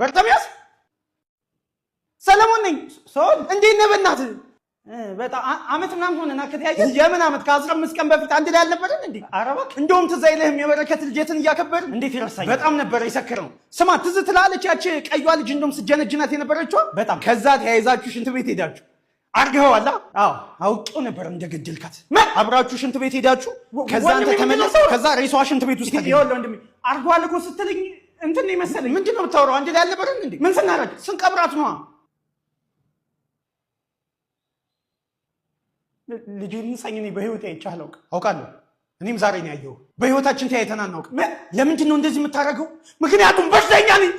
በርተሚያስ ሰለሞን ነኝ። ሰውን እንዴት ነህ? በእናትህ በጣም አመት ምናምን ሆነና ከተያየን። የምን አመት? ከአስራ አምስት ቀን በፊት አንድ ላይ አልነበረን እንዴ? ኧረ እባክህ እንደውም ትዝ አይልህም? የበረከት ልጄትን እያከበርን እንዴት ይረሳኝ? በጣም ነበረ የሰክረው። ስማ ትዝ ትላለች ያች ቀዩዋ ልጅ እንደውም ስጀነጅናት የነበረችዋ በጣም ከዛ ተያይዛችሁ ሽንት ቤት ሄዳችሁ አርገዋላ? አዎ አውቄው ነበር እንደገደልካት። አብራችሁ ሽንት ቤት ሄዳችሁ ከዛ አንተ ተመለሰ፣ ከዛ ሬሷ ሽንት ቤት ውስጥ ይሄ ወንድሜ አርገዋል እኮ ስትልኝ እንትን መሰለኝ። ምንድን ነው የምታወራው? አንጀት ያለበትን እንዴ? ምን ስናረግ ስንቀብራት ነዋ። ልጁን ሳኝ እኔ በህይወት አይቼ አላውቅም። አውቃለሁ እኔም ዛሬ ነው ያየው። በህይወታችን ተያይተን አናውቅም። ለምንድን ነው እንደዚህ የምታደርገው? ምክንያቱም በሽተኛ ነኝ።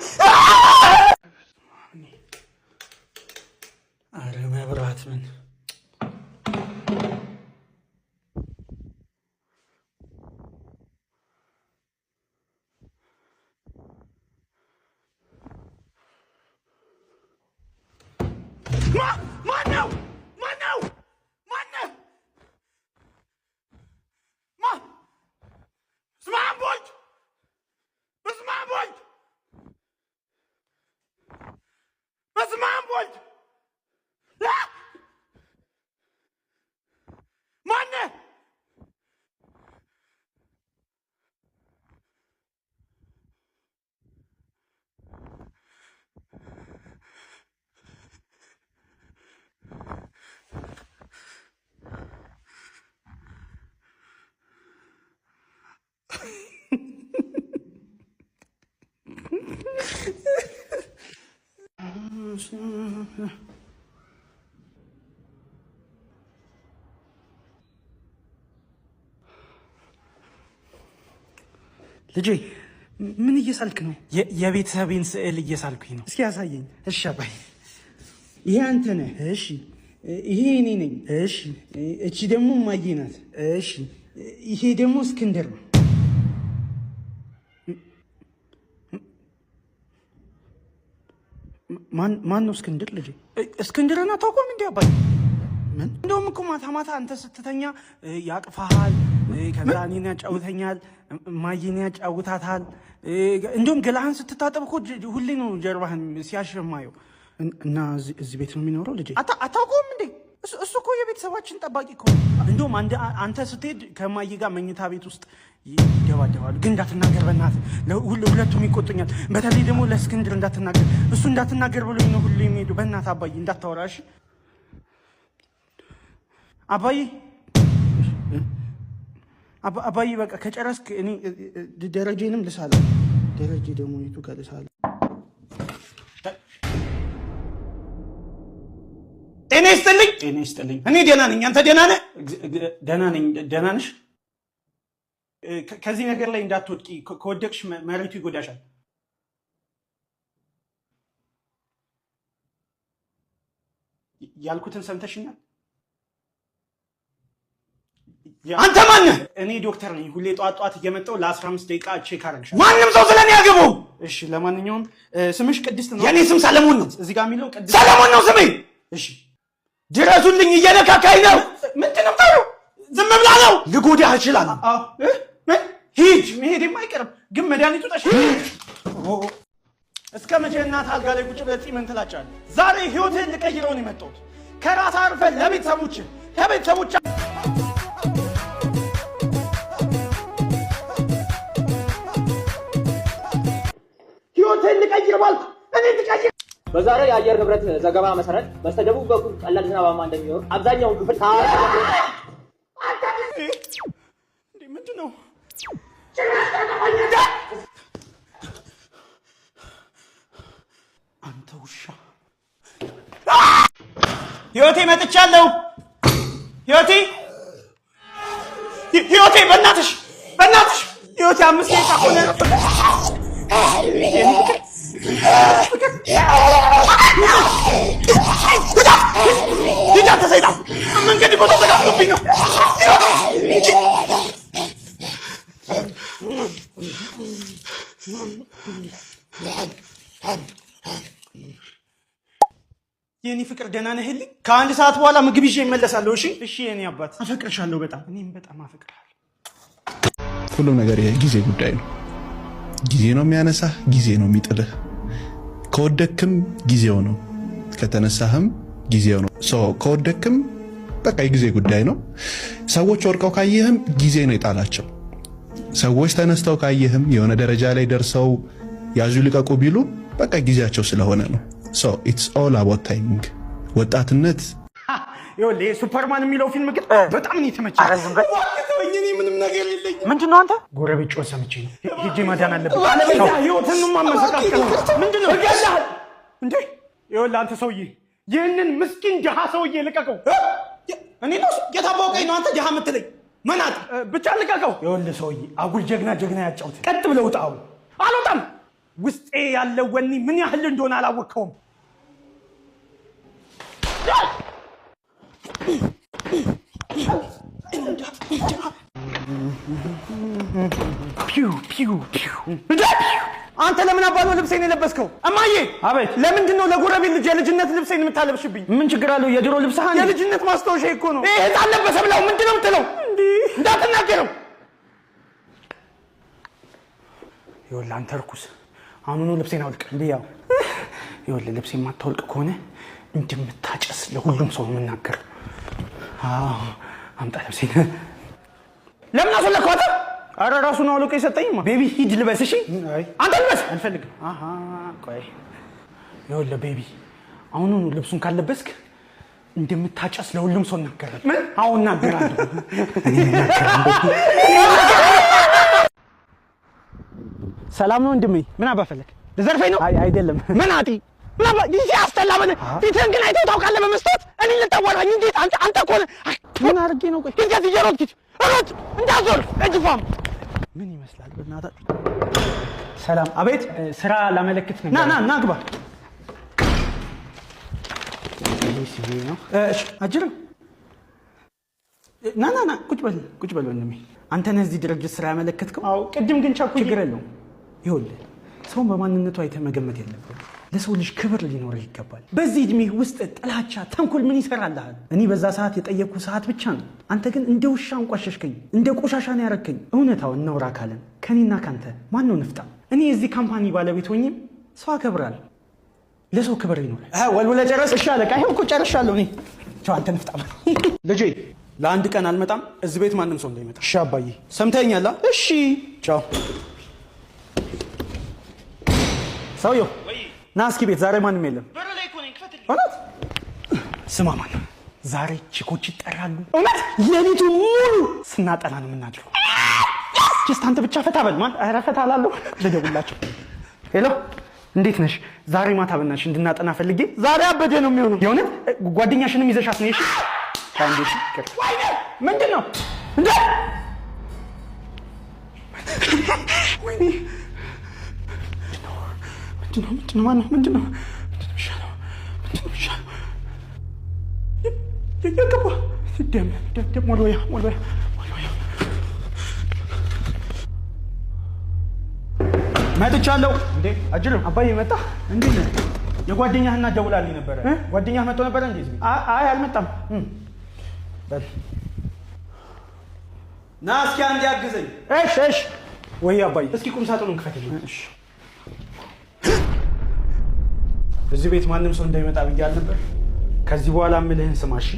አረ መብራት ምን ልጄ ምን እየሳልክ ነው? የቤተሰቤን ስዕል እየሳልኩኝ ነው። እስኪ ያሳየኝ። እሺ አባይ፣ ይሄ አንተ ነህ። እሺ፣ ይሄ እኔ ነኝ። እሺ፣ እቺ ደግሞ እማዬ ናት። እሺ፣ ይሄ ደግሞ እስክንድር ነው። ማን ነው እስክንድር? ልጄ እስክንድርን አታውቀውም እንዴ አባይ? ምን እንደውም እኮ ማታ ማታ አንተ ስትተኛ ያቅፋሃል፣ ከዛ እኔን ያጫውተኛል፣ ማየን ያጫውታታል። እንደውም ገላህን ስትታጠብ እኮ ሁሌ ነው ጀርባህን ሲያሸማየው። እና እዚህ ቤት ነው የሚኖረው ልጄ አታውቀውም እንዴ? እሱ እኮ የቤተሰባችን ጠባቂ እኮ እንደውም አንተ ስትሄድ ከማዬ ጋር መኝታ ቤት ውስጥ ይደባደባሉ። ግን እንዳትናገር በእናትህ ሁለቱም ይቆጡኛል። በተለይ ደግሞ ለእስክንድር እንዳትናገር፣ እሱ እንዳትናገር ብሎኝ ነው ሁሉ የሚሄዱ። በእናትህ አባዬ እንዳታወራ እሺ። አባዬ አባዬ በቃ ከጨረስክ እኔ ደረጀንም ልሳለ። ደረጀ ደግሞ የቱ ከልሳለ። ልሳለ? ጤና ይስጥልኝ። ጤና ይስጥልኝ። እኔ ደህና ነኝ። አንተ ደህና ነህ? ደህና ነኝ። ደህና ነሽ? ከዚህ ነገር ላይ እንዳትወድቂ። ከወደቅሽ መሬቱ ይጎዳሻል። ያልኩትን ሰምተሽኛል? አንተ ማነህ? እኔ ዶክተር ነኝ። ሁሌ ጧት ጧት እየመጣሁ ለ15 ደቂቃ ቼክ አደርግሻለሁ። ማንም ሰው ስለኔ ያገባው። እሺ፣ ለማንኛውም ስምሽ ቅድስት ነው? የኔ ስም ሰለሞን ነው። እዚህ ጋር የሚለው ቅድስት ሰለሞን ነው ስሜ። እሺ፣ ድረሱልኝ፣ እየነካካኝ ነው። ምንድን ነው? ዝም ብላ ነው። ልጎዳህ እችላለሁ። ሂጅ፣ መሄዴም አይቀርም ግን መድኃኒቱ ጠሽ እስከ መቼ እናት አልጋ ላይ ቁጭ ብለህ ምን ትላጫለህ? ዛሬ ህይወትህን ልቀይረውን የመጣሁት ከራስህ አርፈህ ለቤተሰቦችህ ከቤተሰቦችህ በዛሬው የአየር ንብረት ዘገባ መሰረት በስተደቡብ በኩል ቀላል ዝናባማ እንደሚኖር አብዛኛውን ክፍል ምንድን ነው አንተ ውሻ ህይወቴ መጥቻለሁ ህይወቴ ህይወቴ በእናትሽ በእናትሽ ህይወቴ አምስት ደቂቃ ሆነ የዳንተ ሰይጣን መንገድ እኮ ተዘጋግቶብኝ ነው። የኔ ፍቅር ደህና ነህልኝ? ከአንድ ሰዓት በኋላ ምግብ ይዤ እመለሳለሁ። እሺ፣ እሺ። የኔ አባት አፈቅርሻለሁ፣ በጣም እኔም በጣም አፈቅርሃለሁ። ሁሉም ነገር የጊዜ ጉዳይ ነው። ጊዜ ነው የሚያነሳህ፣ ጊዜ ነው የሚጥልህ። ከወደክም ጊዜው ነው፣ ከተነሳህም ጊዜው ነው። ከወደክም በቃ የጊዜ ጉዳይ ነው። ሰዎች ወድቀው ካየህም ጊዜ ነው የጣላቸው። ሰዎች ተነስተው ካየህም የሆነ ደረጃ ላይ ደርሰው ያዙ ልቀቁ ቢሉ በቃ ጊዜያቸው ስለሆነ ነው። ኢትስ ኦል ታይሚንግ ወጣትነት ይኸውልህ ሱፐርማን የሚለው ፊልም ግን በጣም ነው የተመቸኝ። ኧረ ዝም በል ምንም ነገር የለኝም። ምንድን ነው አንተ? ጎረቤት ጮኸ ሰምቼ ነው ሂጅ፣ ማዳን አለብህ። ህይወትን ማመሰቃቀል ምንድን ነው? እገልሀለሁ እንዴ! ይኸውልህ አንተ ሰውዬ፣ ይህንን ምስኪን ድሃ ሰውዬ ልቀቀው። እኔ ነው ጌታ የታወቀኝ ነው አንተ ድሃ የምትለኝ መናት ብቻ ልቀቀው። ይኸውልህ ሰውዬ፣ አጉል ጀግና ጀግና ያጫውት። ቀጥ ብለው ውጣው። አልወጣም። ውስጤ ያለው ወኔ ምን ያህል እንደሆነ አላወቅከውም። አንተ ለምን ነው ልብሴን የለበስከው? እማዬ! አቤት! ለምንድን ነው ለጎረቤት ልጅ የልጅነት ልብሴን የምታለብሽብኝ? ምን ችግር አለው? የድሮ ልብስ የልጅነት ማስታወሻ እኮ ነው። ይህ ህፃን ለበሰ ብለው ምንድን ነው የምትለው? እንዳትናገረው። ይኸውልህ አንተ እርኩስ፣ አሁኑኑ ልብሴን አውልቅ። እንዲህ ያው ይኸውልህ፣ ልብሴን የማታወልቅ ከሆነ እንደምታጨስ ለሁሉም ሰው የምናገር አምጣ ልብሴን። ለምን አስወለድከው? አንተ ኧረ እራሱ ነው አውልቆ የሰጠኝማ። ቤቢ ሂድ ልበስ። እሺ አንተ ልበስ። አልፈልግም። ቆይ ይኸውልህ ቤቢ፣ አሁኑኑ ልብሱን ካለበስክ እንደምታጨስ ለሁሉም ሰው እናገራለሁ። ምን? አዎ እናገራለሁ። ሰላም ነው ወንድሜ። ምን አባፈለግ ልዘርፈኝ ነው? አይደለም። ምን አጢ ይሄ አስጠላ። ምን ፊትህን ግን አይተው ታውቃለህ? በመስጠት እኔ ልታዋራኝ እንዴት? አንተ አንተ እኮ ምን አድርጌ ነው? ቆይ ሂጃት እየሮጥኩት ሮጥ እንዳዞር እጅፋም ምን ይመስላል? በእናትህ ሰላም። አቤት። ስራ ላመለክት ነው። ና ና ና ግባ። አጅርም ና ና ና። ቁጭ በል ቁጭ በል ወንድሜ። አንተ ነህ እዚህ ድርጅት ስራ ያመለከትከው? አዎ። ቅድም ግን ቻኩ። ችግር የለውም። ይኸውልህ ሰውን በማንነቱ አይተህ መገመት የለብህም። ለሰው ልጅ ክብር ሊኖርህ ይገባል። በዚህ እድሜ ውስጥ ጥላቻ፣ ተንኮል ምን ይሰራልሃል? እኔ በዛ ሰዓት የጠየቅኩ ሰዓት ብቻ ነው። አንተ ግን እንደ ውሻ አንቋሸሽከኝ፣ እንደ ቆሻሻ ነው ያረከኝ። እውነታውን እናውራ ካለን ከኔና ካንተ ማን ነው ንፍጣ? እኔ የዚህ ካምፓኒ ባለቤት ሆኜም ሰው አከብራል። ለሰው ክብር ይኖራል። ወልውለ ጨረስ። እሺ አለቃ፣ ይኸው እኮ እኔ አንተ ንፍጣ ልጄ፣ ለአንድ ቀን አልመጣም እዚህ ቤት ማንም ሰው እንዳይመጣ። እሺ አባዬ፣ ሰምተኛላ? እሺ፣ ቻው። ሰውየው ና እስኪ ቤት ዛሬ ማንም የለም። እውነት ስማ፣ ማን ዛሬ ቺኮች ይጠራሉ። እውነት ሌሊቱ ሙሉ ስናጠና ነው የምናድረው። ጀስት አንተ ብቻ ፈታ በል። ማን ኧረ ፈታ እላለሁ። ልደውላቸው። ሄሎ እንዴት ነሽ? ዛሬ ማታ በናሽ እንድናጠና ፈልጌ ዛሬ አበደ ነው የሚሆኑ። የሆነ ጓደኛሽንም ይዘሻት ነው። እሺ ምንድን ነው እንዴ? ወይኔ ምንድነው? ምንድነው? ማነው? ምንድነው? ምንድነው የሚሻለው? ምንድነው የሚሻለው? ያገባ ደም ደም ሞልወያ ሞልወያ ሞልወያ መጥቻለሁ። እንዴ አጅርም አባዬ መጣ። እንዴ የጓደኛህ እናት ደውላልኝ ነበረ። ጓደኛህ መጥቶ ነበረ እንዴ? አይ አልመጣም። ና እስኪ አንዴ አግዘኝ። እሺ እሺ። ወይ አባዬ እስኪ ቁም ሳጥኑን ክፈትልኝ። እሺ እዚህ ቤት ማንም ሰው እንዳይመጣ ብዬ አልነበር? ከዚህ በኋላ ምልህን ስማ እሺ።